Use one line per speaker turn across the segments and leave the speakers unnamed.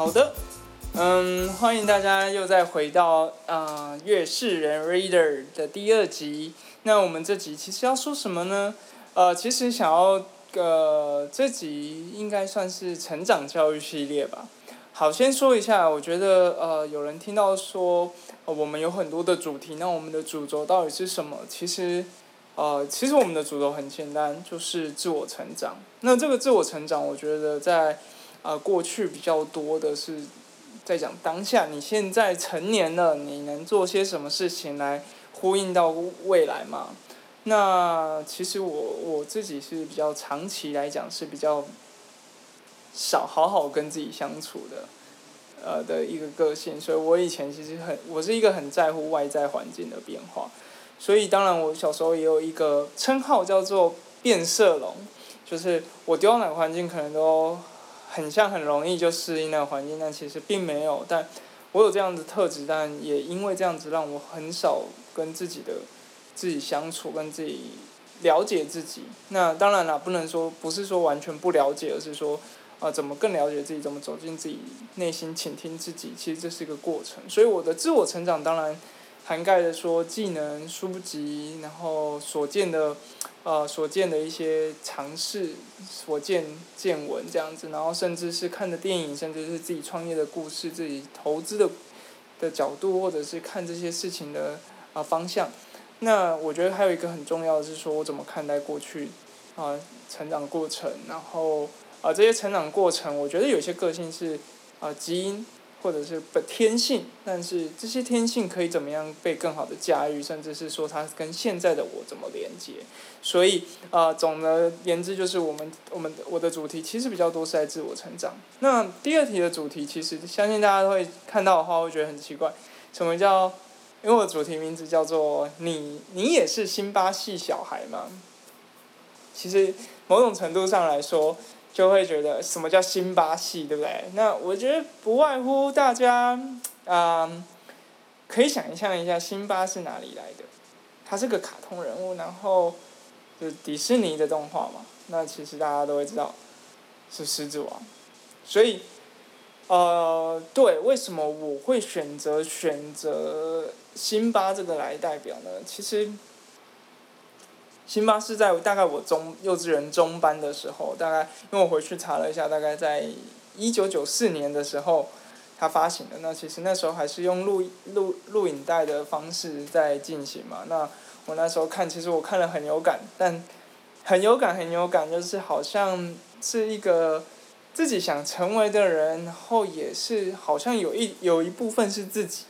好的，嗯，歡迎大家又再回到啊《閱、呃、視人 Reader》的第二集。那我們這集其實要說什麼呢？呃，其實想要呃這集應該算是成長教育系列吧。好，先說一下，我覺得呃有人聽到說、呃、我們有很多的主題，那我們的主軸到底是什麼？其實呃，其實我們的主軸很簡單，就是自我成長。那這個自我成長，我覺得在呃，過去比較多的是在講當下，你現在成年了，你能做些什麼事情來呼應到未來嗎？那其實我我自己是比較長期來講是比較少好好跟自己相處的，呃的一個個性，所以我以前其實很我是一個很在乎外在環境的變化，所以當然我小時候也有一個稱號叫做變色龍，就是我丟到哪個環境可能都。很像很容易就適應那個環境，但其實並沒有。但我有這樣子特質，但也因為這樣子，讓我很少跟自己的自己相處，跟自己了解自己。那當然了、啊，不能說不是說完全不了解，而是說啊、呃，怎麼更了解自己，怎麼走進自己內心，傾聽自己。其實這是一個過程，所以我的自我成長，當然。涵蓋的說技能書籍，然後所見的，呃，所見的一些嘗試，所見見聞這樣子，然後甚至是看的電影，甚至是自己創業的故事，自己投資的，的角度或者是看這些事情的啊、呃、方向。那我覺得還有一個很重要的是說，我怎麼看待過去，啊、呃，成長過程，然後啊、呃、這些成長過程，我覺得有些個性是啊、呃、基因。或者是的天性，但是這些天性可以怎麼樣被更好的駕馭，甚至是說它跟現在的我怎麼連接？所以，呃，總而言之，就是我們、我們、我的主題其實比較多是在自我成長。那第二題的主題，其實相信大家都會看到的話，會覺得很奇怪，什麼叫？因為我的主題名字叫做“你，你也是辛巴系小孩嗎？”其實，某種程度上來說。就會覺得什麼叫辛巴系，對不對？那我覺得不外乎大家，啊、呃，可以想象一下，辛巴是哪裡來的？他是個卡通人物，然後是迪士尼的動畫嘛。那其實大家都會知道是獅子王，所以，呃，對，為什麼我會選擇選擇辛巴這個來代表呢？其實。辛巴是在大概我中幼稚園中班的時候，大概因為我回去查了一下，大概在一九九四年的時候，他發行的。那其實那時候還是用錄錄錄影帶的方式在進行嘛。那我那時候看，其實我看了很有感，但很有感很有感，就是好像是一個自己想成為的人，然後也是好像有一有一部分是自己，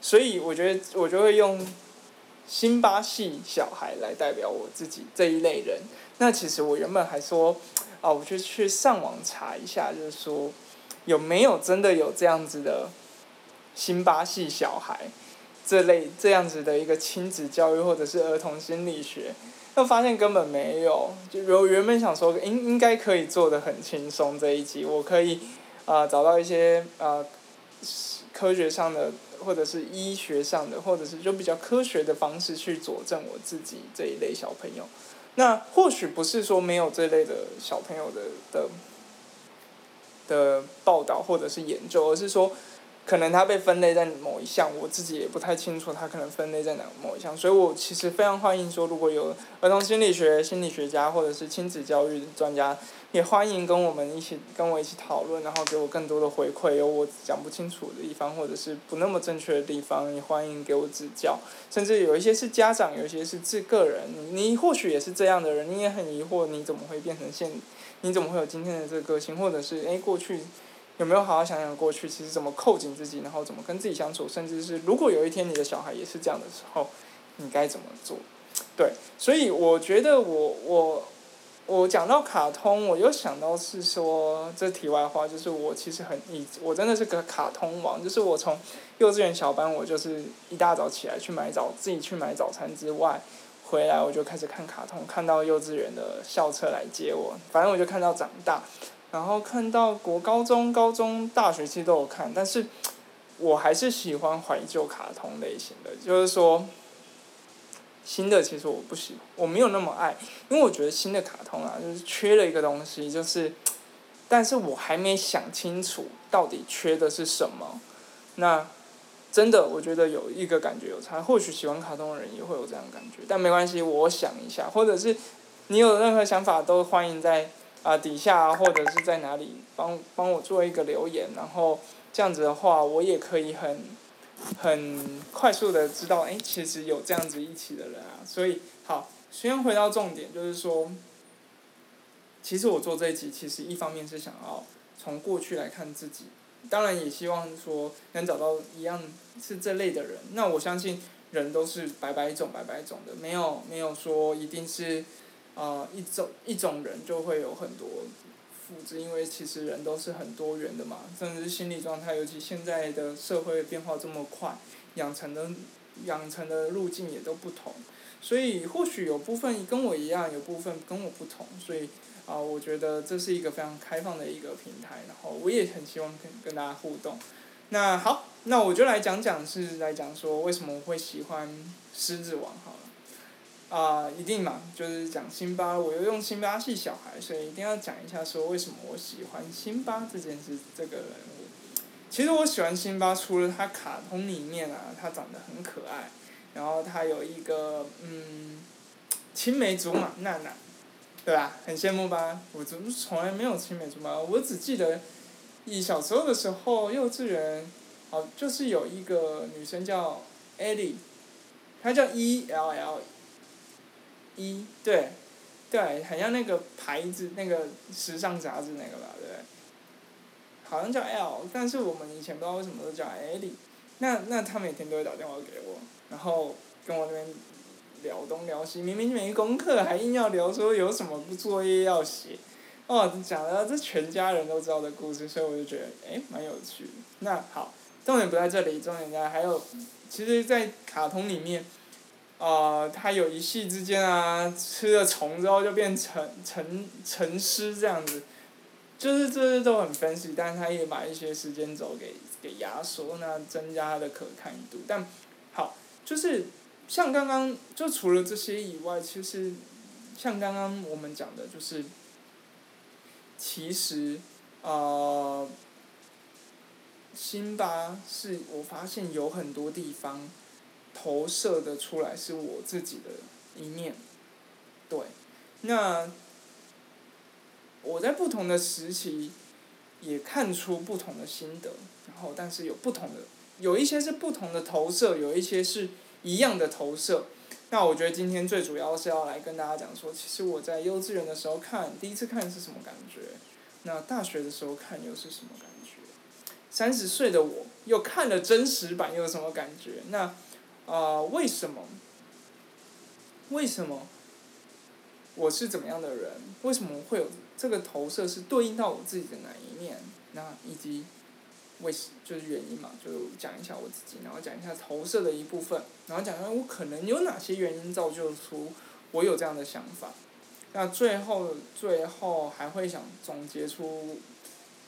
所以我覺得我就會用。辛巴系小孩來代表我自己這一類人，那其實我原本還說，啊，我就去上網查一下，就是說，有沒有真的有這樣子的，辛巴系小孩，這類這樣子的一個親子教育或者是兒童心理學，那我發現根本沒有。就我原本想說，應應該可以做得很輕鬆這一集，我可以啊、呃、找到一些啊、呃、科學上的。或者是醫學上的，或者是就比較科學的方式去佐證我自己這一類小朋友。那或許不是說沒有這類的小朋友的的的報道或者是研究，而是說。可能他被分類在某一項，我自己也不太清楚他可能分類在哪某一項，所以我其實非常歡迎說，如果有兒童心理學心理學家或者是親子教育的專家，也歡迎跟我們一起跟我一起討論，然後給我更多的回饋。有我講不清楚的地方，或者是不那麼正確的地方，也歡迎給我指教。甚至有一些是家長，有一些是自個人，你，你或許也是這樣的人，你也很疑惑，你怎麼會變成現，你怎麼會有今天的這個個性？或者是哎、欸、過去。有沒有好好想想過去？其實怎麼扣緊自己，然後怎麼跟自己相處？甚至是如果有一天你的小孩也是這樣的時候，你該怎麼做？對，所以我覺得我我我講到卡通，我又想到是說這是題外話，就是我其實很，我真的是個卡通王，就是我從幼稚園小班，我就是一大早起來去買早，自己去買早餐之外，回來我就開始看卡通，看到幼稚園的校車來接我，反正我就看到長大。然後看到國高中、高中、大學其實都有看，但是我還是喜歡懷舊卡通類型的，就是說新的其實我不喜歡，我沒有那麼愛，因為我覺得新的卡通啊，就是缺了一個東西，就是但是我還沒想清楚到底缺的是什麼。那真的，我覺得有一個感覺有差，或許喜歡卡通的人也會有這樣的感覺，但沒關係，我想一下，或者是你有任何想法都歡迎在。啊，底下，啊、或者是在哪裡幫幫我做一個留言，然後這樣子的話，我也可以很很快速的知道，哎、欸，其實有這樣子一起的人啊。所以，好，先回到重點，就是說，其實我做這一集，其實一方面是想要從過去來看自己，當然也希望說能找到一樣是這類的人。那我相信人都是百百種百百種的，沒有沒有說一定是。啊、呃，一種一種人就會有很多分支，因為其實人都是很多元的嘛，甚至是心理狀態，尤其現在的社會變化這麼快，養成的養成的路徑也都不同，所以或許有部分跟我一樣，有部分跟我不同，所以啊、呃，我覺得這是一個非常開放的一個平台，然後我也很希望跟跟大家互動。那好，那我就來講講，是來講說為什麼我會喜歡《獅子王》哈。啊，一定嘛！就是講辛巴，我又用辛巴系小孩，所以一定要講一下，說為什麼我喜歡辛巴這件事，這個人物。其實我喜歡辛巴，除了他卡通裡面啊，他長得很可愛，然後他有一個嗯，青梅竹馬娜娜，對吧？很羨慕吧？我從從來沒有青梅竹馬，我只記得，一小時候的時候，幼稚園，哦，就是有一個女生叫艾莉，她叫 E L L。一對，對，很像那個牌子，那個時尚雜誌那個吧，對吧？好像叫 L，但是我們以前不知道為什麼都叫艾莉。那那她每天都會打電話給我，然後跟我那邊聊東聊西，明明沒功課，還硬要聊說有什麼作業要寫。哦，講了這全家人都知道的故事，所以我就覺得誒，蠻有趣的。那好，重點不在這裡，重點在還有，其實在卡通裡面。呃，他有一夕之間啊，吃了蟲之後就變成成成獅這樣子，就是這些都很 fancy，但是他也把一些時間軸給給壓縮，那增加它的可看度。但好就是像剛剛就除了這些以外，其實，像剛剛我們講的就是其實呃，辛巴是我發現有很多地方，投射的出來是我自己的一面，對。那我在不同的時期也看出不同的心得，然後但是有不同的，有一些是不同的投射，有一些是一樣的投射。那我覺得今天最主要是要來跟大家講說，其實我在幼稚園的時候看第一次看是什麼感覺，那大學的時候看又是什麼感覺，三十歲的我又看了真實版又有什麼感覺？那。啊、呃，為什麼？為什麼？我是怎麼樣的人？為什麼會有這個投射是對應到我自己的哪一面？那以及為就是原因嘛，就講一下我自己，然後講一下投射的一部分，然後講一下我可能有哪些原因造就出我有這樣的想法。那最後，最後還會想總結出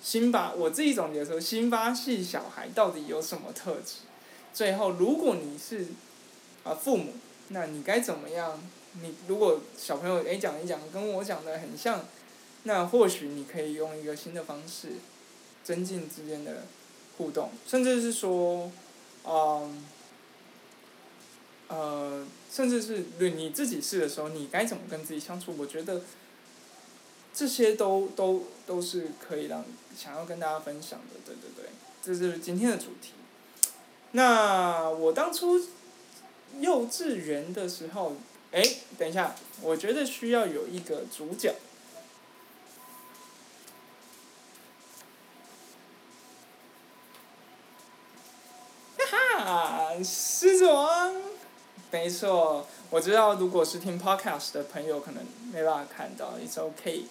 辛巴，我自己總結出辛巴系小孩到底有什麼特質？最後，如果你是啊父母，那你該怎麼樣？你如果小朋友也講、欸、一講，跟我講的很像，那或許你可以用一個新的方式增進之間的互動，甚至是說，嗯、呃，呃，甚至是對你自己試的時候，你該怎麼跟自己相處？我覺得這些都都都是可以讓想要跟大家分享的。對對對，這就是今天的主題。那我當初幼稚園的時候，哎、欸，等一下，我覺得需要有一個主角。哈、啊、哈，獅子王，沒錯，我知道。如果是聽 podcast 的朋友，可能沒辦法看到，it's OK。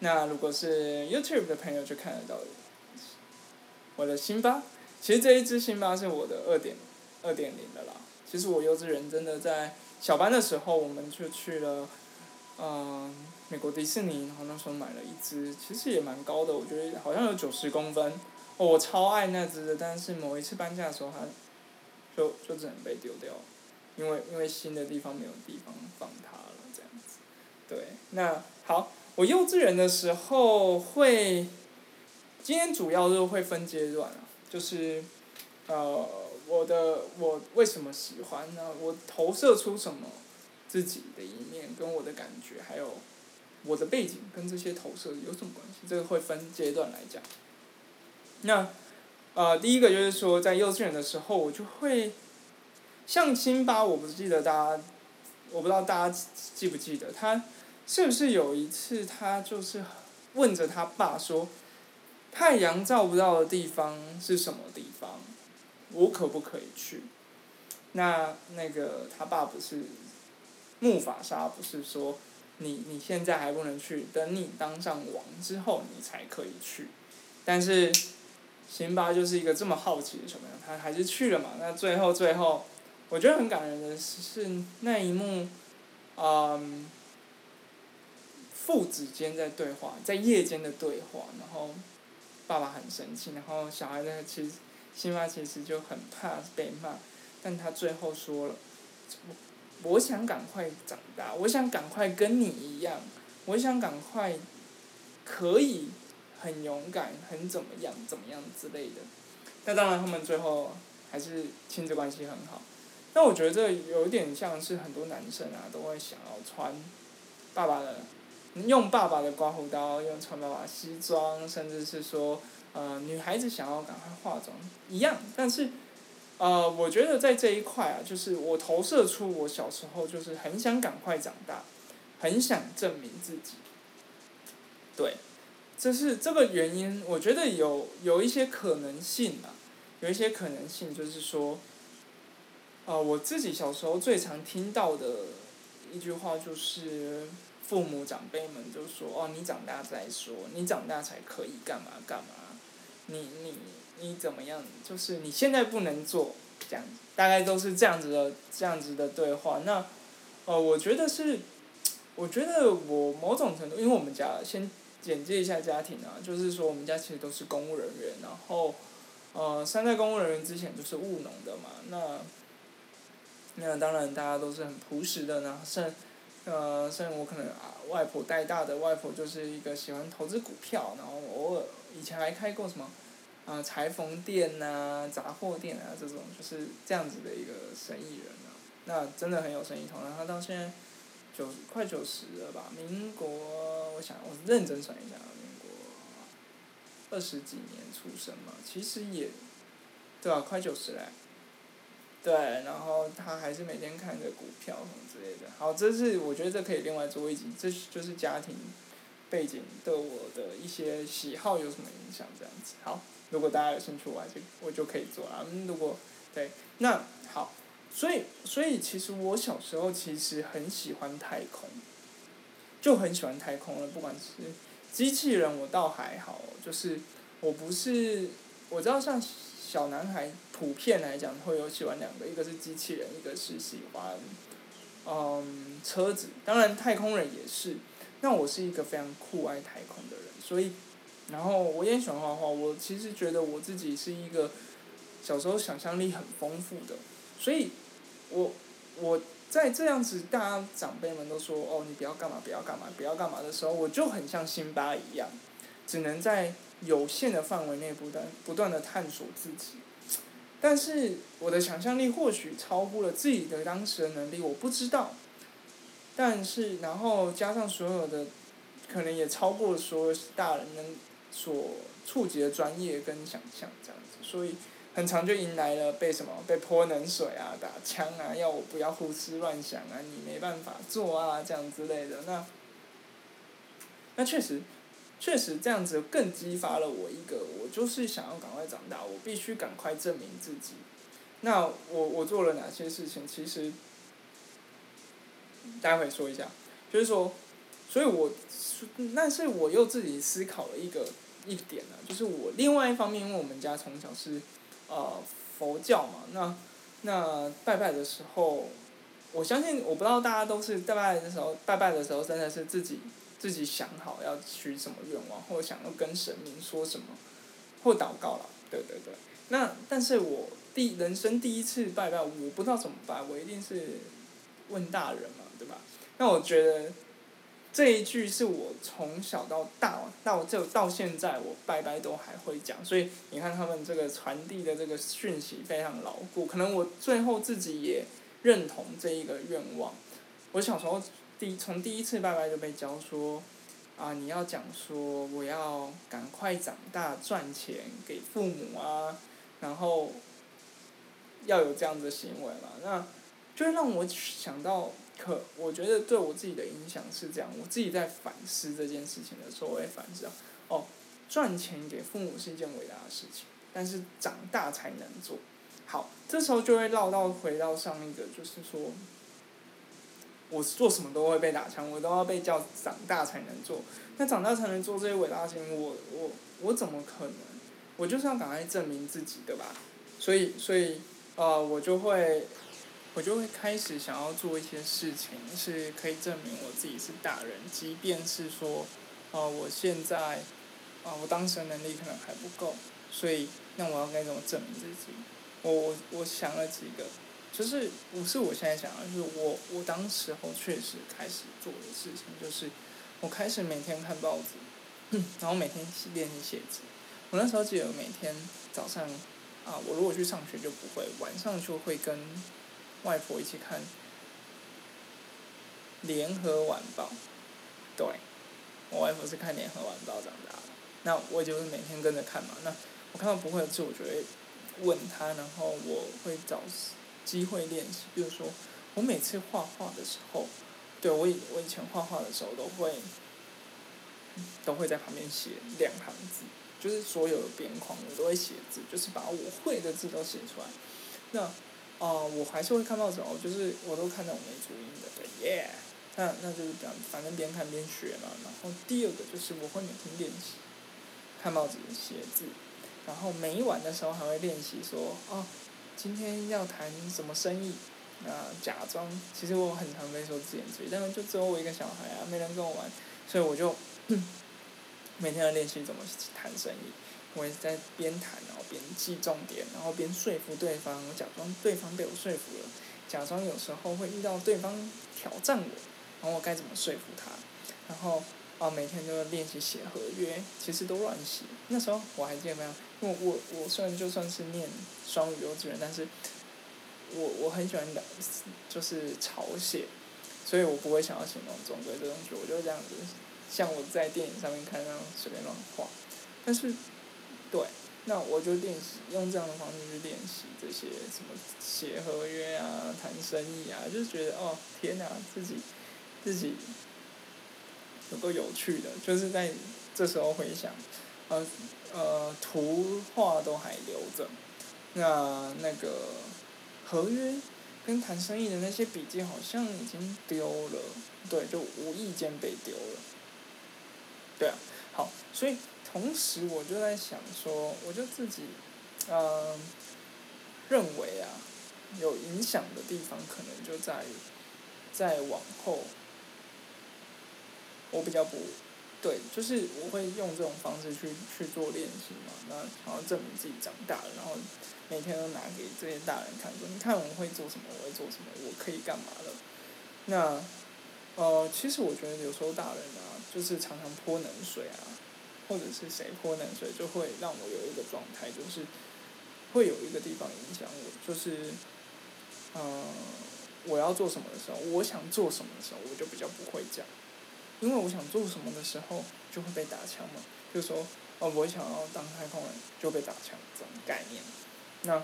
那如果是 YouTube 的朋友，就看得到。我的辛巴。其實這一只辛巴是我的二點，二點零的啦。其實我幼稚園真的在小班的時候，我們就去了、嗯，美國迪士尼，好像說買了一只，其實也蠻高的，我覺得好像有九十公分。哦，我超愛那只的，但是某一次搬家的時候，它就就只能被丟掉，因為因為新的地方沒有地方放它了，這樣子。對，那好，我幼稚園的時候會，今天主要就會分階段啊。就是，呃，我的我為什麼喜歡呢？我投射出什麼自己的一面，跟我的感覺，還有我的背景，跟這些投射有什麼關係？這個會分階段來講。那呃，第一個就是說，在幼稚園的時候，我就會像辛巴，我不記得大家，我不知道大家記不記得他是不是有一次，他就是問着他爸說。太陽照不到的地方是什麼地方？我可不可以去？那那個他爸爸是木法沙，不是說你你現在還不能去，等你當上王之後你才可以去。但是辛巴就是一個這麼好奇的小朋友，他還是去了嘛？那最後最後，我覺得很感人的是，是那一幕，嗯，父子間在對話，在夜間的對話，然後。爸爸很生氣，然後小孩呢，其實，辛巴其實就很怕被罵，但她最後說了，我，我想趕快長大，我想趕快跟你一樣，我想趕快可以很勇敢，很怎麼樣怎麼樣之類的。那當然，他們最後還是親子關係很好。那我覺得這有點像是很多男生啊，都會想要穿爸爸的。用爸爸的刮鬍刀，用穿爸爸的西裝，甚至是說，呃，女孩子想要趕快化妝一樣，但是，呃，我覺得在這一塊啊，就是我投射出我小時候就是很想趕快長大，很想證明自己，對，這是這個原因，我覺得有有一些可能性啊，有一些可能性就是說，呃，我自己小時候最常聽到的一句話就是。父母長輩們就說：“哦，你長大再說，你長大才可以幹嘛幹嘛，你你你怎麼樣？就是你現在不能做這樣子，大概都是這樣子的這樣子的對話。”那，呃，我覺得是，我覺得我某種程度，因為我們家先簡介一下家庭啊，就是說我們家其實都是公務人員，然後，呃，三代公務人員之前都是務農的嘛，那，那當然大家都是很樸實的呢，那呃，雖然我可能啊，外婆帶大的，外婆就是一個喜歡投資股票，然後偶爾以前還開過什麼，呃、裁啊裁縫店吶、雜貨店啊這種，就是這樣子的一個生意人啊。那真的很有生意頭腦，他到現在九快九十了吧？民國，我想我認真算一下，民國二十幾年出生嘛，其實也對啊，快九十了。對，然後他還是每天看着股票什麼之類的。好，這是我覺得這可以另外做一集，這就是家庭背景對我的一些喜好有什麼影響這樣子。好，如果大家有興趣，我還是我就可以做啊，嗯。如果對，那好，所以所以其實我小時候其實很喜歡太空，就很喜歡太空了。不管是機器人，我倒還好，就是我不是我知道像。小男孩普遍來講會有喜歡兩個，一個是機器人，一個是喜歡，嗯，車子。當然，太空人也是。那我是一個非常酷愛太空的人，所以，然後我也喜歡畫畫。我其實覺得我自己是一個小時候想象力很豐富的，所以我，我我在這樣子，大家長輩們都說哦，你不要幹嘛，不要幹嘛，不要幹嘛的時候，我就很像辛巴一樣，只能在。有限的範圍內不斷不斷的探索自己，但是我的想象力或許超乎了自己的當時的能力，我不知道。但是然後加上所有的，可能也超過了所有的大人們所觸及的專業跟想象這樣子，所以很常就迎來了被什麼被潑冷水啊、打槍啊、要我不要胡思亂想啊、你沒辦法做啊這樣之類的。那，那確實。確實這樣子更激發了我一個，我就是想要趕快長大，我必須趕快證明自己。那我我做了哪些事情？其實，待會說一下，就是說，所以我，但是我又自己思考了一個一點呢、啊，就是我另外一方面，因為我們家從小是呃佛教嘛，那那拜拜的時候，我相信我不知道大家都是拜拜的時候，拜拜的時候真的是自己。自己想好要許什麼願望，或想要跟神明說什麼，或禱告了，對對對。那但是我第人生第一次拜拜，我不知道怎麼拜，我一定是問大人嘛，對吧？那我覺得這一句是我從小到大到就到現在，我拜拜都還會講。所以你看他們這個傳遞的這個訊息非常牢固。可能我最後自己也認同這一個願望。我小時候。第從第一次拜拜就被教說，啊，你要講說我要趕快長大賺錢給父母啊，然後要有這樣的行為嘛，那就會讓我想到，可我覺得對我自己的影響是這樣，我自己在反思這件事情的時候，我也反思，啊，哦，賺錢給父母是一件偉大的事情，但是長大才能做好，這時候就會繞到回到上一個，就是說。我做什麼都會被打槍，我都要被叫長大才能做。那長大才能做這些偉大的事情，我我我怎麼可能？我就是要趕快證明自己對吧？所以所以，呃，我就會，我就會開始想要做一些事情，是可以證明我自己是大人，即便是說，呃，我現在，呃，我當時的能力可能還不夠。所以，那我要該怎麼證明自己？我我我想了幾個。就是不是我現在想的，就是我我當時候確實開始做的事情就是，我開始每天看報紙，然後每天練習寫字。我那時候記得每天早上，啊，我如果去上學就不會，晚上就會跟外婆一起看《聯合晚報》。對，我外婆是看《聯合晚報》長大的。那我就是每天跟着看嘛。那我看到不會的字，我就會問她，然後我會找。機會練習，比如說我每次畫畫的時候，對，我以我以前畫畫的時候都會，嗯、都會在旁邊寫兩行字，就是所有的邊框我都會寫字，就是把我會的字都寫出來。那啊、呃，我還是會看報紙哦，就是我都看到我沒注意的，對耶。Yeah, 那，那就是這樣，反正邊看邊學嘛。然後第二個就是我會每天練習，看報紙寫字，然後每一晚的時候還會練習說哦。今天要談什麼生意？啊，假裝。其實我很常被說自言自語，但是就只有我一個小孩啊，沒人跟我玩，所以我就每天要練習怎麼談生意。我也是在邊談然後邊記重點，然後邊說服對方，我假裝對方被我說服了，假裝有時候會遇到對方挑戰我，然後我該怎麼說服他，然後。哦、啊，每天都要練習寫合約，其實都亂寫。那時候我還記得沒有，因為我我我雖然就算是念雙語幼稚園，但是，我我很喜歡的就是抄寫，所以我不會想要寫那種正規的東西，我就這樣子。像我在電影上面看到隨便亂畫，但是，對，那我就練習用這樣的方式去練習這些什麼寫合約啊、談生意啊，就覺得哦天哪、啊，自己自己。有個有趣的，就是在這時候回想，呃呃，圖畫都還留着，那那個合約跟談生意的那些筆記好像已經丟了，對，就無意間被丟了。對啊，好，所以同時我就在想說，我就自己，呃，認為啊，有影響的地方可能就在於在往後，我比較不，對，就是我會用這種方式去去做練習嘛，那然後證明自己長大了，然後每天都拿給這些大人看，說你看我會做什麼，我會做什麼，我可以幹嘛的。那，呃，其實我覺得有時候大人啊，就是常常潑冷水啊，或者是誰潑冷水，就會讓我有一個狀態，就是會有一個地方影響我，就是，嗯，呃，我要做什麼的時候，我想做什麼的時候，我就比較不會講。因為我想做什麼的時候，就會被打槍嘛，就說，哦，我不會想要當太空人，就被打槍，這種概念。那，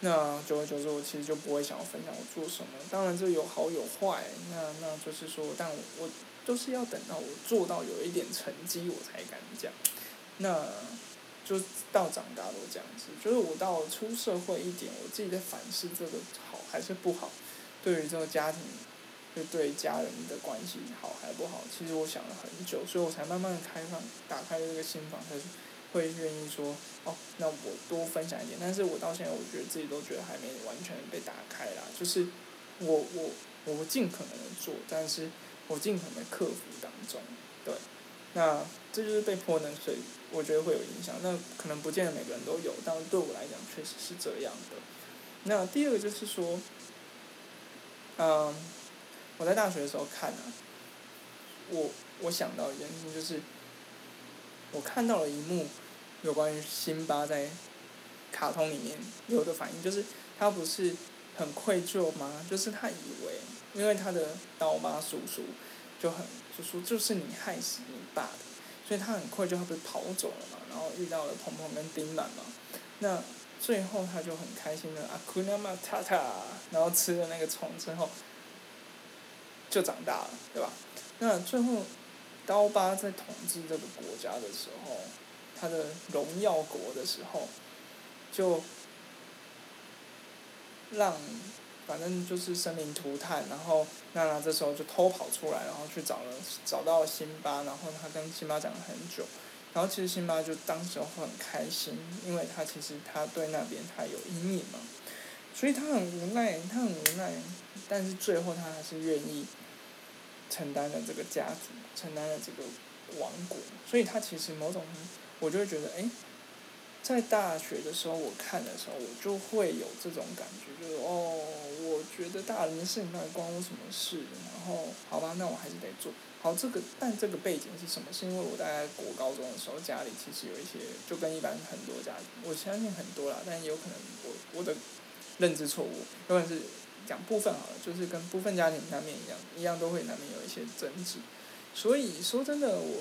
那久而久之，就是、我其實就不會想要分享我做什麼。當然，這有好有壞。那，那就是說，但我,我就是要等到我做到有一點成績，我才敢講。那就到長大都這樣子，就是我到出社會一點，我自己在反思這個好還是不好，對於這個家庭。就對家人的關係好還不好？其實我想了很久，所以我才慢慢的開放，打開了這個心房，才會願意說，哦，那我多分享一點。但是我到現在，我覺得自己都覺得還沒完全被打開啦。就是我，我，我盡可能的做，但是我盡可能克服當中。對，那這就是被潑冷水，我覺得會有影響。那可能不見得每個人都有，但是對我來講，確實是這樣的。那第二個就是說，嗯。我在大學的時候看啊，我我想到的原因就是，我看到了一幕，有關於辛巴在，卡通裡面有的反應，就是他不是很愧疚嗎？就是他以為，因為他的刀疤叔叔就很就說就是你害死你爸的，所以他很愧疚，他不是跑走了嘛。然後遇到了彭彭跟丁滿嘛，那最後他就很開心的啊，Hakuna Matata，然後吃了那個蟲之後。就長大了，對吧？那最後，刀疤在統治這個國家的時候，他的榮耀國的時候，就讓反正就是生靈塗炭。然後，娜娜這時候就偷跑出來，然後去找了，找到了辛巴，然後他跟辛巴講了很久。然後其實辛巴就當時很開心，因為他其實他對那邊他有陰影嘛，所以他很無奈，他很無奈，但是最後他還是願意承擔了這個家庭，承擔了這個王國，所以他其實某種，我就會覺得，哎，在大學的時候我看的時候，我就會有這種感覺，就是哦，我覺得大人的事情，那關我什麼事？然後，好吧，那我還是得做。好，這個但這個背景是什麼？是因為我大概國高中的時候，家裡其實有一些，就跟一般很多家庭，我相信很多啦，但也有可能我我的認知錯誤，可能是。講部分好了，就是跟部分家庭難免一樣，一樣都會難免有一些爭執。所以說真的，我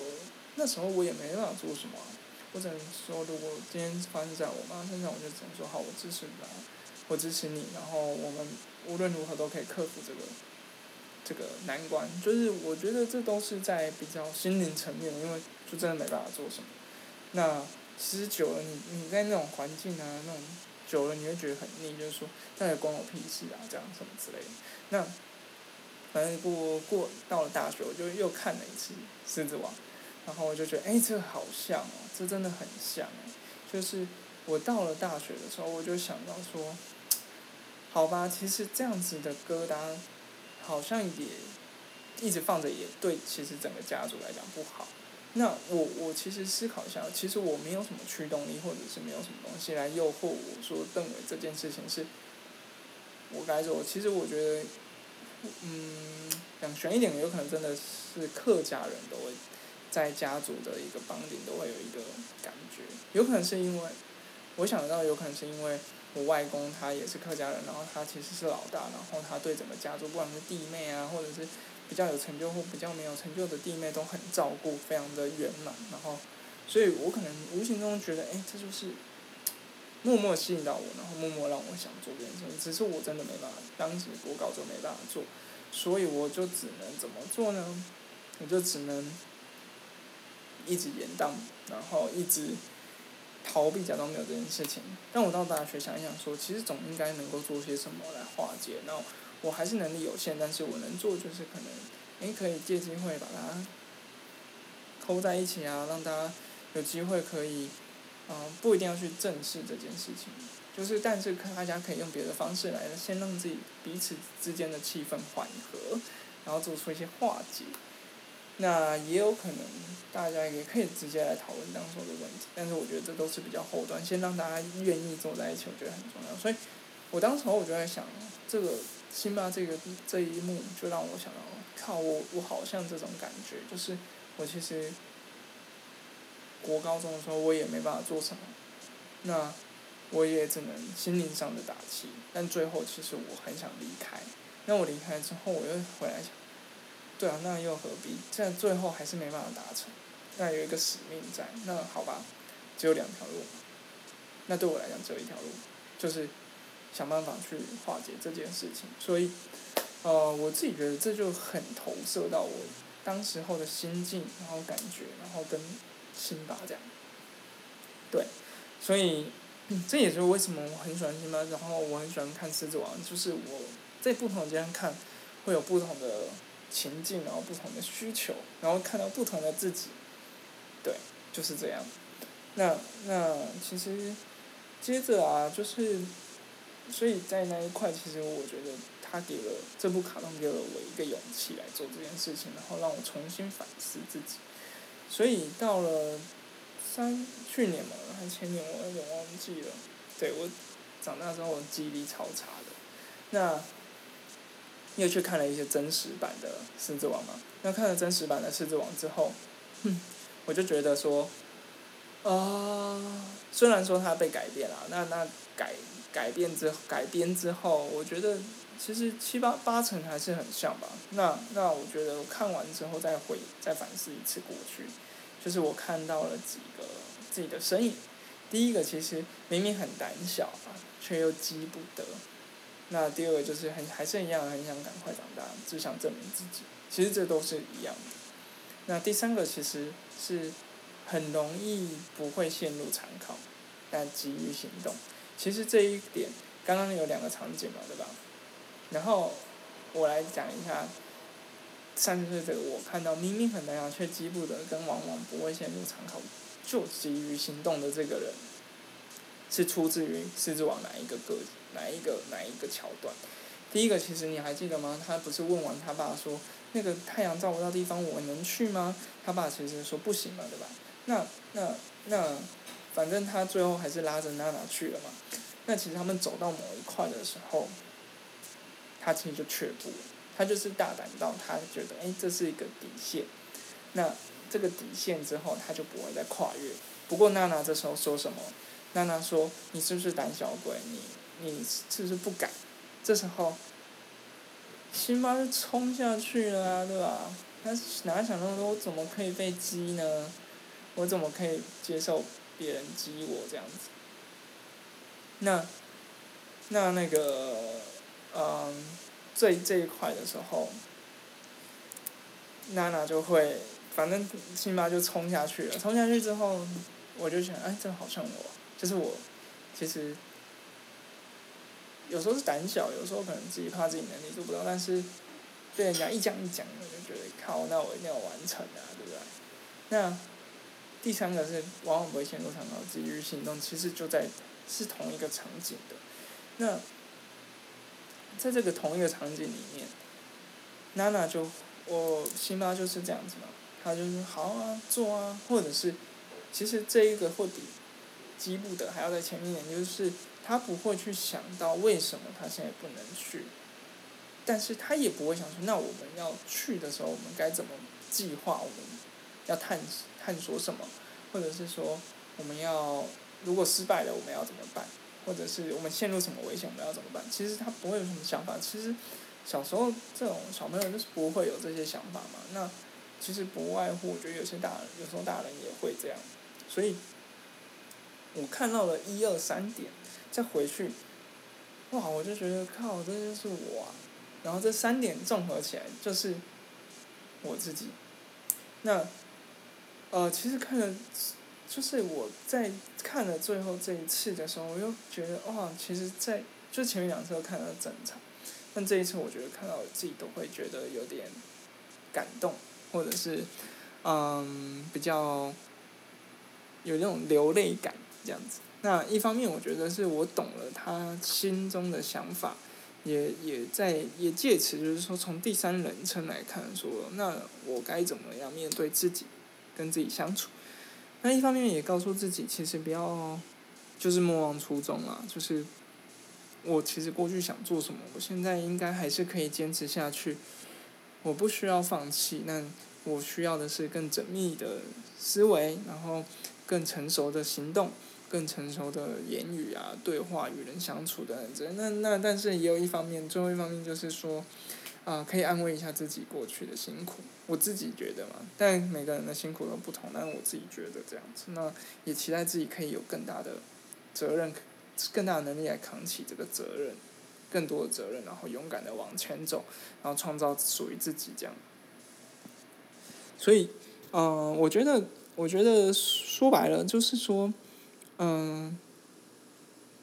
那時候我也沒辦法做什麼啊，我只能說，如果今天發生在我媽身上，我就只能說，好，我支持你吧，我支持你，然後我們無論如何都可以克服這個這個難關。就是我覺得這都是在比較心靈層面，因為就真的沒辦法做什麼。那其實久了，你你在那種環境啊，那種。久了你會覺得很膩，就是說那也關我屁事啊，這樣什麼之類的。那反正過過到了大學，我就又看了一次《獅子王》，然後我就覺得，哎，這好像哦，這真的很像哎。就是我到了大學的時候，我就想到說，好吧，其實這樣子的疙瘩，好像也一直放着，也對，其實整個家族來講不好。那我我其實思考一下，其實我沒有什麼驅動力，或者是沒有什麼東西來誘惑我說認為，這件事情是，我該做。其實我覺得，嗯，講玄一點，有可能真的是客家人都會在家族的一個幫頂，都會有一個感覺，有可能是因為我想到，有可能是因為我外公他也是客家人，然後他其實是老大，然後他對整個家族不管是弟妹啊或者是。比較有成就或比較沒有成就的弟妹都很照顧，非常的圓滿，然後，所以我可能無形中覺得，哎、欸，這就是默默吸引到我，然後默默讓我想做這件事情。只是我真的沒辦法，當時我搞就沒辦法做，所以我就只能怎麼做呢？我就只能一直延宕，然後一直逃避，假裝沒有這件事情。但我到大學想一想說，說其實總應該能夠做些什麼來化解，然後。我還是能力有限，但是我能做就是可能，哎、欸，可以借機會把它，扣在一起啊，讓大家有機會可以，嗯、呃，不一定要去正視這件事情，就是但是大家可以用別的方式來先讓自己彼此之間的氣氛緩和，然後做出一些化解。那也有可能，大家也可以直接來討論當時的問題，但是我覺得這都是比較後端，先讓大家願意坐在一起，我覺得很重要。所以，我當時我就在想這個。辛巴這個這一幕，就讓我想到了，靠，我我好像這種感覺，就是我其實國高中的時候，我也沒辦法做什麼，那我也只能心靈上的打氣，但最後其實我很想離開，那我離開之後，我又回來想，對啊，那又何必？現在最後還是沒辦法達成，那有一個使命在，那好吧，只有兩條路，那對我來講，只有一條路，就是。想辦法去化解這件事情，所以，呃，我自己覺得這就很投射到我當時候的心境，然後感覺，然後跟辛巴這樣，對，所以，嗯，這也就是為什麼我很喜歡辛巴，然後我很喜歡看獅子王，就是我在不同階段看會有不同的情境，然後不同的需求，然後看到不同的自己，對，就是這樣。那那其實接着啊，就是。所以在那一塊，其實我覺得他給了這部卡通，給了我一個勇氣來做這件事情，然後讓我重新反思自己。所以到了三去年嘛，還是前年，我有點忘記了。對，我長大之後我記憶力超差的，那又去看了一些真實版的《獅子王》嘛。那看了真實版的《獅子王》之後，哼，我就覺得說，啊、呃，雖然說它被改變了，那那改。改變之後改編之後，我覺得其實七八八成還是很像吧。那那我覺得我看完之後再回再反思一次過去，就是我看到了幾個自己的身影。第一個其實明明很膽小啊，卻又急不得。那第二個就是很還是一樣的很想趕快長大，只想證明自己。其實這都是一樣的。那第三個其實是很容易不會陷入長考，但急於行動。其實這一點剛剛有兩個場景嘛，對吧？然後我來講一下，上次這個我看到明明很難想、啊，卻記不得，跟往往不會陷入長考就急於行動的這個人，是出自於《獅子王》哪一個格？哪一個哪一個橋段？第一個，其實你還記得嗎？他不是問完他爸說：“那個太陽照不到地方，我能去嗎？”他爸其實說：“不行了，對吧？”那那那。那反正他最後還是拉着娜娜去了嘛。那其實他們走到某一塊的時候，他其實就卻步了。他就是大膽到他覺得，哎、欸，這是一個底線。那這個底線之後，他就不會再跨越。不過娜娜這時候說什麼？娜娜說：“你是不是膽小鬼？你你是不是不敢？”這時候，辛巴就衝下去了，啊，對吧、啊？他哪想到說，我怎麼可以被激呢？我怎麼可以接受？別人激我這樣子，那那那個，嗯，最這一塊的時候，娜娜就會，反正辛巴就衝下去了。衝下去之後，我就想，哎，真、這個、好像我，就是我，其實有時候是膽小，有時候可能自己怕自己能力做不到，但是被人家一講一講，我就覺得，靠，那我一定要完成啊，對不對？那。第三個是往往不會先想到自己去行動，其實就在是同一個場景的。那在這個同一個場景裡面，娜娜就我辛巴就是這樣子嘛，他就是好啊，做啊，或者是其實這一個會比吉布的還要在前面一點，就是他不會去想到為什麼他現在不能去，但是他也不會想說，那我們要去的時候，我們該怎麼計劃，我們要探索。探索什麼，或者是說，我們要如果失敗了我們要怎麼辦？或者是我們陷入什麼危險，我們要怎麼辦？其實他不會有什麼想法。其實小時候這種小朋友就是不會有這些想法嘛。那其實不外乎，我覺得有些大人有時候大人也會這樣。所以，我看到了一二三點，再回去，哇！我就覺得靠，這就是我啊。然後這三點綜合起來，就是我自己。那。呃，其實看了，就是我在看了最後這一次的時候，我又覺得，哇，其實在，在就前面兩次都看到整場，但這一次我覺得看到我自己都會覺得有點感動，或者是，嗯，比較有那種流淚感這樣子。那一方面，我覺得是我懂了他心中的想法，也也在也借此就是說，從第三人稱來看說，說那我該怎麼樣面對自己。跟自己相處，那一方面也告訴自己，其實不要，就是莫忘初衷啊，就是我其實過去想做什麼，我現在應該還是可以堅持下去，我不需要放棄，那我需要的是更縝密的思維，然後更成熟的行動，更成熟的言語啊，對話與人相處的這那那，但是也有一方面，最後一方面就是說。啊、呃，可以安慰一下自己過去的辛苦，我自己覺得嘛。但每個人的辛苦都不同，但我自己覺得這樣子。那也期待自己可以有更大的責任，更大的能力來扛起這個責任，更多的責任，然後勇敢的往前走，然後創造屬於自己這樣。所以，呃，我覺得，我覺得說白了就是說，嗯、呃，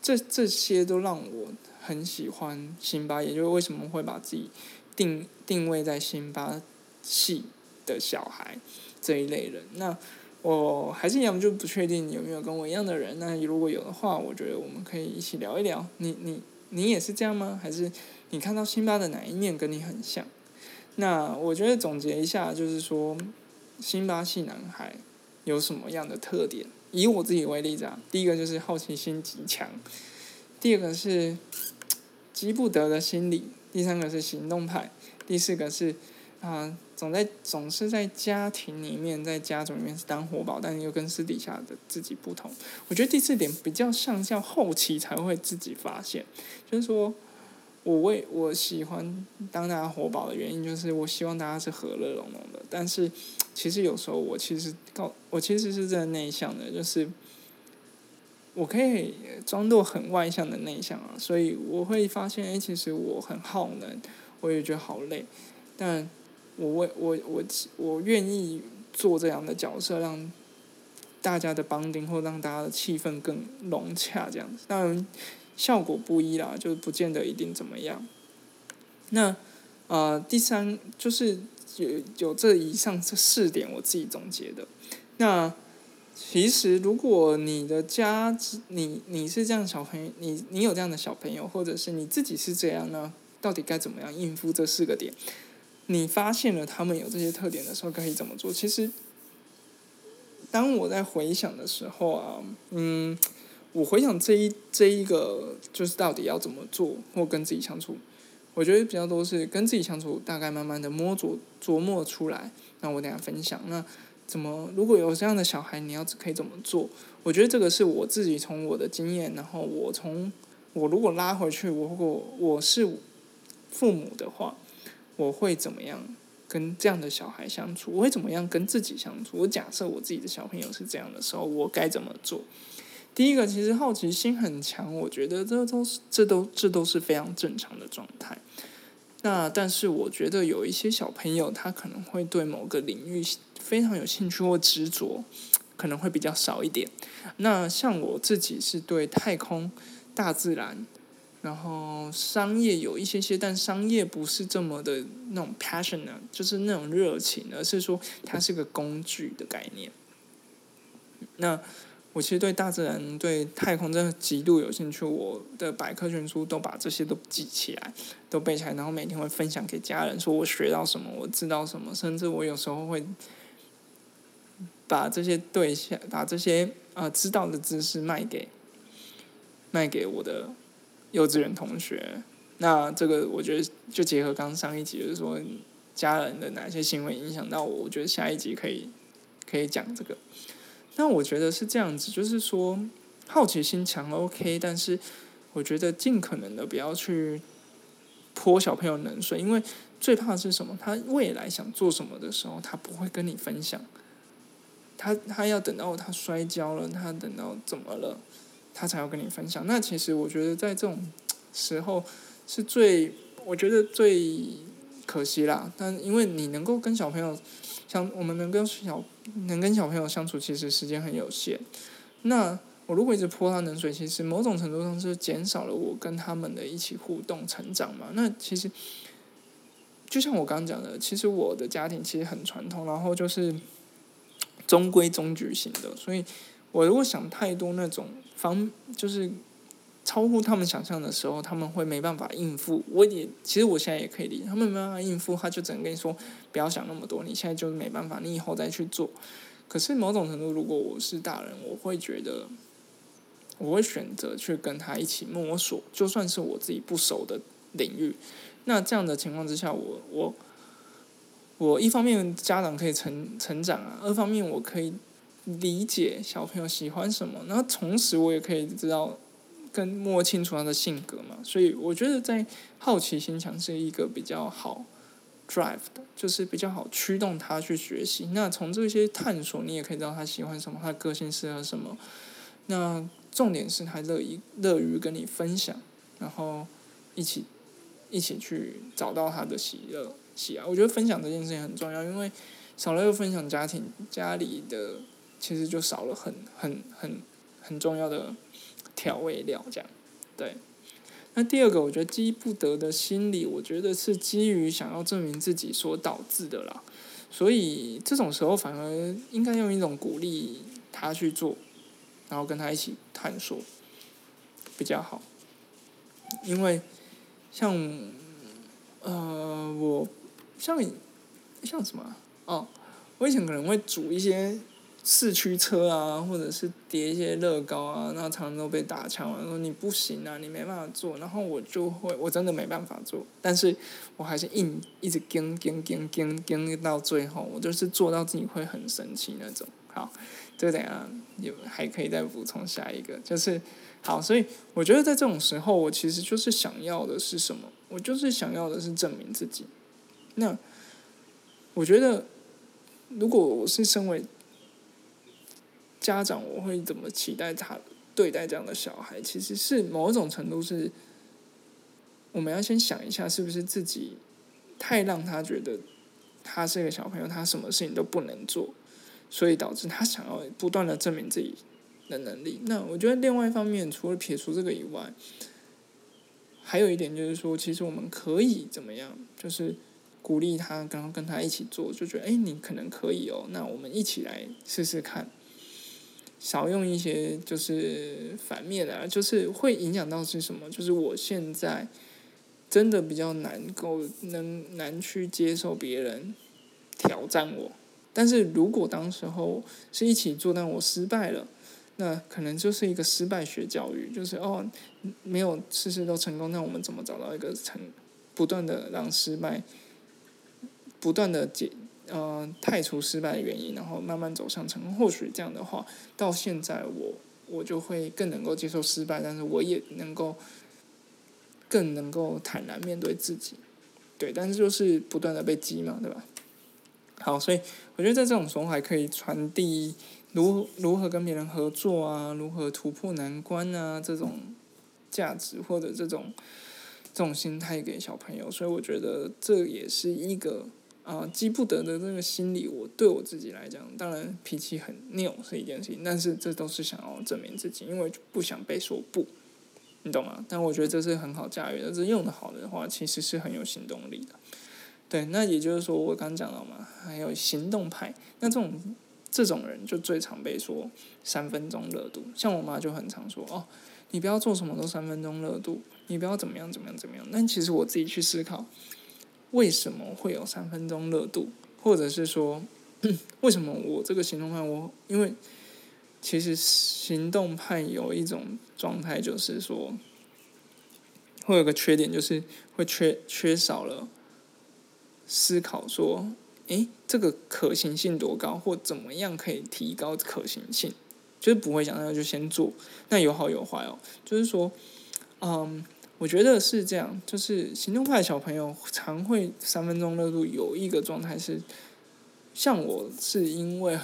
這這些都讓我很喜歡辛巴，也就是為什麼會把自己。定定位在辛巴系的小孩這一類人，那我還是要麼就不確定有沒有跟我一樣的人。那如果有的話，我覺得我們可以一起聊一聊。你你你也是這樣嗎？還是你看到辛巴的哪一面跟你很像？那我覺得總結一下，就是說辛巴系男孩有什麼樣的特點？以我自己為例子啊，第一個就是好奇心極強，第二個是急不得的心理。第三個是行動派，第四個是，啊、呃，總在總是在家庭裡面，在家族裡面是當活寶，但是又跟私底下的自己不同。我覺得第四點比較像較後期才會自己發現，就是說，我為我喜歡當大家活寶的原因，就是我希望大家是和樂融融的。但是其實有時候我其實告我其實是真的內向的，就是。我可以裝作很外向的內向啊，所以我會發現，哎、欸，其實我很耗能，我也覺得好累。但我，我為我我我願意做這樣的角色，讓大家的 bonding 或讓大家的氣氛更融洽，這樣子。當然，效果不一啦，就不見得一定怎麼樣。那，啊、呃，第三就是有有這以上這四點，我自己總結的。那。其實，如果你的家，你你是這樣小朋友，你你有這樣的小朋友，或者是你自己是這樣呢，到底該怎麼樣應付這四個點？你發現了他們有這些特點的時候，可以怎麼做？其實，當我在回想的時候啊，嗯，我回想這一這一個，就是到底要怎麼做，或跟自己相處，我覺得比較多是跟自己相處，大概慢慢的摸着琢磨出來。那我等下分享那。怎麼？如果有這樣的小孩，你要可以怎麼做？我覺得這個是我自己從我的經驗，然後我從我如果拉回去，我如果我，我是父母的話，我會怎麼樣跟這樣的小孩相處？我會怎麼樣跟自己相處？我假設我自己的小朋友是這樣的時候，我該怎麼做？第一個，其實好奇心很強，我覺得這都是這都這都是非常正常的狀態。那但是我覺得有一些小朋友，他可能會對某個領域。非常有興趣或執着，可能會比較少一點。那像我自己是對太空、大自然，然後商業有一些些，但商業不是這麼的那種 passion 的，就是那種熱情，而是說它是個工具的概念。那我其實對大自然、對太空真的極度有興趣，我的百科全書都把這些都記起來、都背起來，然後每天會分享給家人，說我學到什麼，我知道什麼，甚至我有時候會。把這些對象，把這些啊、呃、知道的知識賣給賣給我的幼稚園同學。那這個我覺得就結合剛上一集，就是說家人的哪些行為影響到我，我覺得下一集可以可以講這個。那我覺得是這樣子，就是說好奇心強 OK，但是我覺得盡可能的不要去潑小朋友冷水，因為最怕是什麼？他未來想做什麼的時候，他不會跟你分享。他他要等到他摔跤了，他等到怎麼了，他才要跟你分享。那其實我覺得在這種時候是最，我覺得最可惜啦。但因為你能夠跟小朋友相，我們能跟小能跟小朋友相處，其實時間很有限。那我如果一直潑他冷水，其實某種程度上是減少了我跟他們的一起互動成長嘛。那其實就像我剛剛講的，其實我的家庭其實很傳統，然後就是。中規中矩型的，所以，我如果想太多那種方，就是超乎他們想象的時候，他們會沒辦法應付。我也其實我現在也可以理解，他們沒辦法應付，他就只能跟你說不要想那麼多，你現在就是沒辦法，你以後再去做。可是某種程度，如果我是大人，我會覺得，我會選擇去跟他一起摸索，就算是我自己不熟的領域。那這樣的情況之下，我我。我一方面家長可以成成長啊，二方面我可以理解小朋友喜歡什麼，然後同時我也可以知道，跟摸清楚他的性格嘛。所以我覺得在好奇心強是一個比較好 drive 的，就是比較好驅動他去學習。那從這些探索，你也可以知道他喜歡什麼，他個性適合什麼。那重點是他樂意樂於跟你分享，然後一起一起去找到他的喜樂。啊，我覺得分享這件事情很重要，因為少了又分享家庭家裡的，其實就少了很很很很重要的調味料這樣，對。那第二個，我覺得積不得的心理，我覺得是基於想要證明自己所導致的啦，所以這種時候反而應該用一種鼓勵他去做，然後跟他一起探索比較好，因為像呃我。像你，像什麼？哦，我以前可能會組一些四驅車啊，或者是疊一些樂高啊。那常常都被打槍，然後你不行啊，你沒辦法做。然後我就會，我真的沒辦法做，但是我還是硬一,一直跟跟跟跟跟到最後，我就是做到自己會很神奇那種。好，這個等下有還可以再補充下一個，就是好。所以我覺得在這種時候，我其實就是想要的是什麼？我就是想要的是證明自己。那，我覺得，如果我是身為家長，我會怎麼期待他對待這樣的小孩？其實是某種程度是，我們要先想一下，是不是自己太讓他覺得他是個小朋友，他什麼事情都不能做，所以導致他想要不斷的證明自己的能力。那我覺得另外一方面，除了撇除這個以外，還有一點就是說，其實我們可以怎麼樣？就是鼓勵他，然後跟他一起做，就覺得哎，你可能可以哦。那我們一起來試試看。少用一些就是反面的啊，就是會影響到是什麼？就是我現在真的比較難夠能難去接受別人挑戰我。但是如果當時候是一起做，但我失敗了，那可能就是一個失敗學教育，就是哦，沒有事事都成功，那我們怎麼找到一個成不斷的讓失敗。不斷的解，呃，汰除失敗的原因，然後慢慢走向成功。或許這樣的話，到現在我我就會更能夠接受失敗，但是我也能夠更能夠坦然面對自己。對，但是就是不斷的被擊嘛，對吧？好，所以我覺得在這種時候還可以傳遞如何如何跟別人合作啊，如何突破難關啊，這種價值或者這種這種心態給小朋友。所以我覺得這也是一個。啊，記不得的那個心理，我對我自己來講，當然脾氣很拗，是一件事情，但是這都是想要證明自己，因為就不想被說不，你懂嗎？但我覺得這是很好駕馭的，這用的好的話，其實是很有行動力的。對，那也就是說，我剛剛講了嘛，還有行動派，那這種這種人就最常被說三分鐘熱度。像我媽就很常說哦，你不要做什麼都三分鐘熱度，你不要怎麼樣怎麼樣怎麼樣。但其實我自己去思考。為什麼會有三分鐘熱度？或者是說，為什麼我這個行動派我？我因為其實行動派有一種狀態，就是說，會有個缺點，就是會缺缺少了思考，說，誒，這個可行性多高，或怎麼樣可以提高可行性？就是不會想到就先做。那有好有壞哦，就是說，嗯。我覺得是這樣，就是行動派小朋友常會三分鐘熱度，有一個狀態是，像我是因為，啊、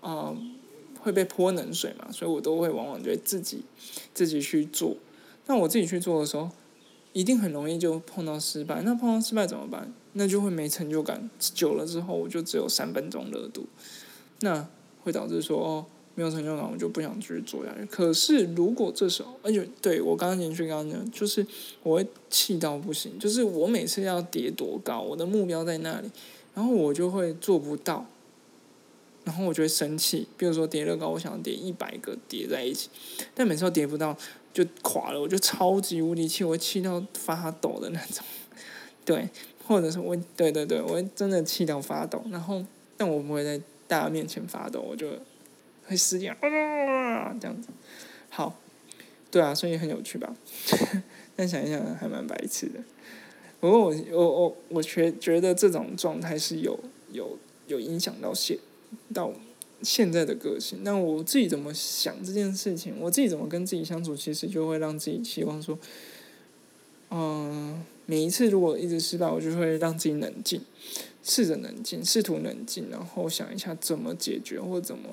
呃，會被潑冷水嘛，所以我都會往往對自己自己去做，那我自己去做的時候，一定很容易就碰到失敗，那碰到失敗怎麼辦？那就會沒成就感，久了之後我就只有三分鐘熱度，那會導致說。哦沒有成就感，我就不想繼續做下去。可是如果這時候，而且對我剛剛剛連續剛剛講，就是我會氣到不行。就是我每次要疊多高，我的目標在那裡，然後我就會做不到，然後我就會生氣。比如說疊樂高，我想疊一百個疊在一起，但每次都疊不到就垮了，我就超級無敵氣，我會氣到發抖的那種。對，或者是我對對對，我會真的氣到發抖。然後，但我不會在大家面前發抖，我就。會死掉。啊，這樣子，好，對啊，所以很有趣吧？ 但想一想，還蠻白痴的。不過我，我，我，我覺覺得這種狀態是有有有影響到現到現在的個性。那我自己怎麼想這件事情？我自己怎麼跟自己相處？其實就會讓自己期望說，嗯，每一次如果一直失敗，我就會讓自己冷靜，試着冷靜，試圖冷靜，然後想一下怎麼解決，或怎麼。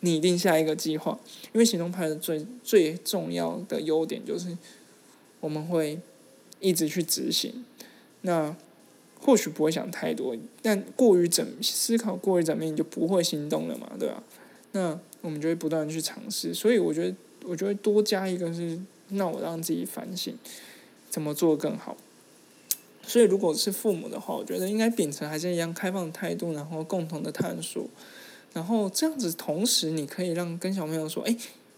擬定下一個計劃，因為行動派的最最重要的優點就是，我們會一直去執行。那或許不會想太多，但過於怎思考過於怎麼樣，你就不會行動了嘛，對吧、啊？那我們就會不斷去嘗試。所以我覺得，我覺得多加一個是，讓我讓自己反省怎麼做更好。所以如果是父母的話，我覺得應該秉承還是一樣開放態度，然後共同的探索。然後這樣子，同時你可以讓跟小朋友說，哎，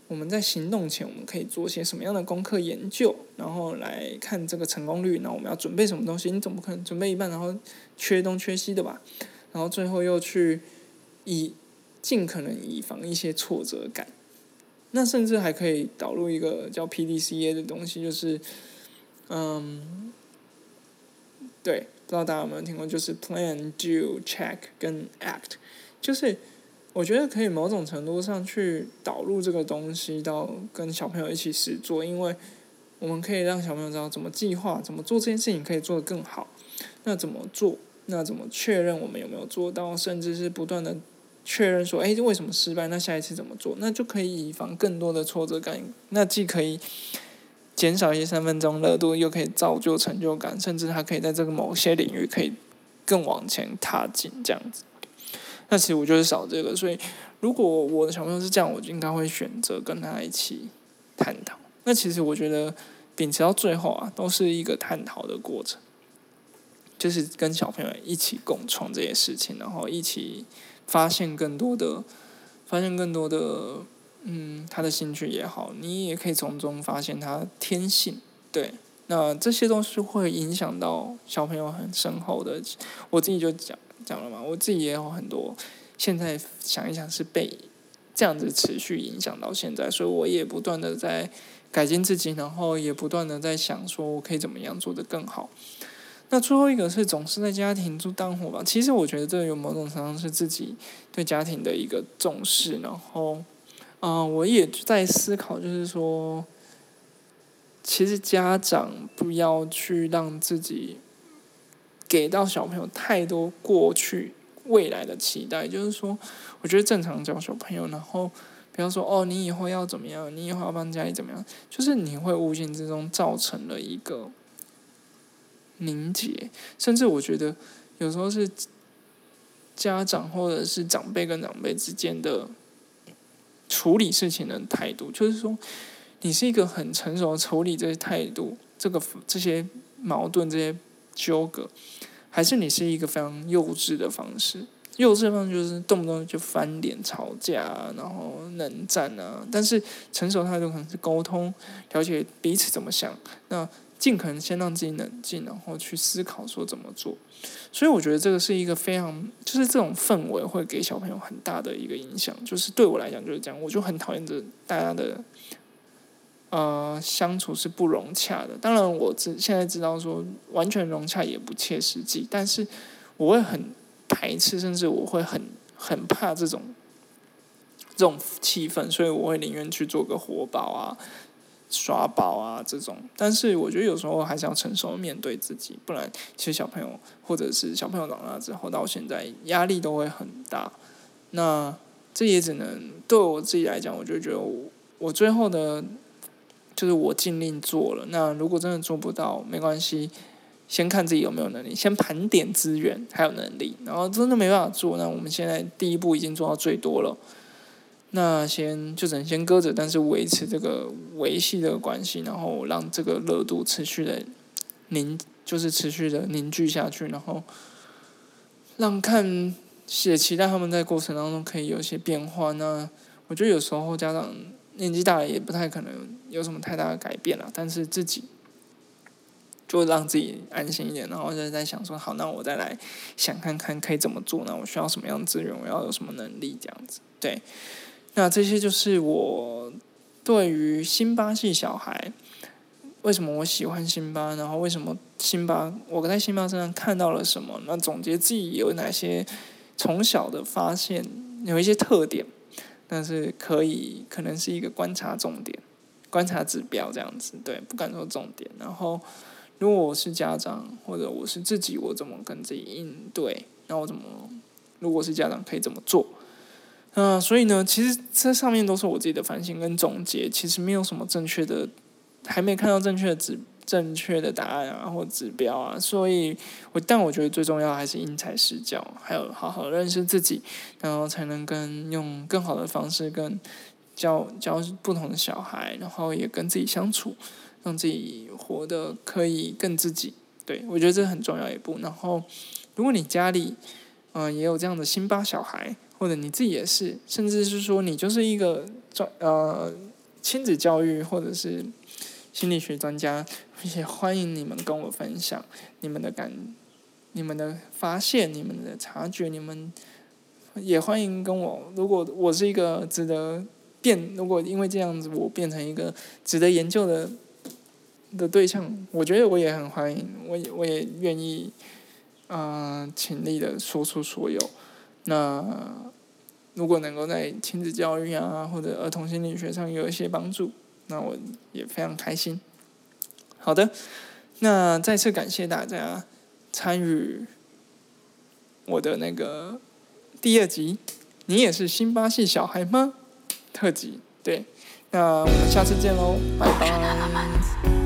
我們在行動前，我們可以做些什麼樣的功課研究，然後來看這個成功率。然後我們要準備什麼東西？你總不可能準備一半，然後缺東缺西的吧？然後最後又去以盡可能以防一些挫折感。那甚至還可以導入一個叫 PDCA 的東西，就是，嗯，對，不知道大家有沒有聽過，就是 Plan、Do、Check 跟 Act，就是。我覺得可以某種程度上去導入這個東西到跟小朋友一起試做，因為我們可以讓小朋友知道怎麼計劃，怎麼做這件事情可以做得更好。那怎麼做？那怎麼確認我們有沒有做到？甚至是不斷的確認說，哎、欸，為什麼失敗？那下一次怎麼做？那就可以以防更多的挫折感。那既可以減少一些三分鐘熱度，又可以造就成就感，甚至還可以在這個某些領域可以更往前踏進這樣子。那其實我就是少這個，所以如果我的小朋友是這樣，我就應該會選擇跟他一起探討。那其實我覺得，秉持到最後啊，都是一個探討的過程，就是跟小朋友一起共創這些事情，然後一起發現更多的，發現更多的，嗯，他的興趣也好，你也可以從中發現他天性。對，那這些都是會影響到小朋友很深厚的。我自己就講。講了嘛，我自己也有很多，現在想一想是被這樣子持續影響到現在，所以我也不斷的在改進自己，然後也不斷的在想說我可以怎麼樣做得更好。那最後一個是總是在家庭做當活吧，其實我覺得這有某種程度上是自己對家庭的一個重視，然後，啊、呃，我也在思考，就是說，其實家長不要去讓自己。給到小朋友太多過去未來的期待，就是說，我覺得正常教小朋友，然後比方說，哦，你以後要怎麼樣，你以後要幫家裡怎麼樣，就是你會無形之中造成了一個凝結，甚至我覺得有時候是家長或者是長輩跟長輩之間的處理事情的態度，就是說，你是一個很成熟的處理這些態度，這個這些矛盾這些。糾葛，還是你是一個非常幼稚的方式。幼稚的方式就是動不動就翻臉吵架啊，然後冷戰啊。但是成熟態度可能是溝通，了解彼此怎麼想，那盡可能先讓自己冷靜，然後去思考說怎麼做。所以我覺得這個是一個非常，就是這種氛圍會給小朋友很大的一個影響。就是對我來講就是這樣，我就很討厭這大家的。呃，相處是不融洽的。當然，我只現在知道說完全融洽也不切實際，但是我會很排斥，甚至我會很很怕這種這種氣氛，所以我會寧願去做個活寶啊、耍寶啊這種。但是我覺得有時候還是要承受面對自己，不然其實小朋友或者是小朋友長大之後到現在壓力都會很大。那這也只能對我自己來講，我就覺得我，我最後的。就是我盡力做了，那如果真的做不到，沒關係，先看自己有沒有能力，先盤點資源還有能力，然後真的沒辦法做，那我們現在第一步已經做到最多了，那先就只能先擱着，但是維持這個維繫的關係，然後讓這個熱度持續的凝，就是持續的凝聚下去，然後讓看寫期待他們在過程當中可以有一些變化。那我覺得有時候家長。年紀大了也不太可能有什麼太大的改變了，但是自己就讓自己安心一點，然後就在想說，好，那我再來想看看可以怎麼做呢？我需要什麼樣的資源？我要有什麼能力？這樣子，對。那這些就是我對於辛巴系小孩，為什麼我喜歡辛巴，然後為什麼辛巴，我在辛巴身上看到了什麼？那總結自己有哪些從小的發現，有一些特點，但是可以，可能是一個觀察重點、觀察指標這樣子，對，不敢說重點。然後，如果我是家長或者我是自己，我怎麼跟自己應對？然後我怎麼，如果我是家長可以怎麼做？嗯，所以呢，其實這上面都是我自己的反省跟總結，其實沒有什麼正確的，還沒看到正確的指。正確的答案啊，或指標啊，所以我但我覺得最重要還是因材施教，還有好好認識自己，然後才能跟用更好的方式跟教教不同的小孩，然後也跟自己相處，讓自己活得可以更自己。對，我覺得這很重要一步。然後，如果你家裡嗯、呃、也有這樣的辛巴小孩，或者你自己也是，甚至是說你就是一個呃親子教育或者是。心理學專家也歡迎你們跟我分享你們的感、你們的發現、你們的察覺、你們也歡迎跟我。如果我是一個值得變，如果因為這樣子我變成一個值得研究的的對象，我覺得我也很歡迎，我我也願意啊，全力的說出所有。那如果能夠在親子教育啊或者兒童心理學上有一些幫助。那我也非常開心。好的，那再次感謝大家參與我的那個第二集，你也是辛巴系小孩嗎？特輯，對，那我們下次見嘍，拜拜。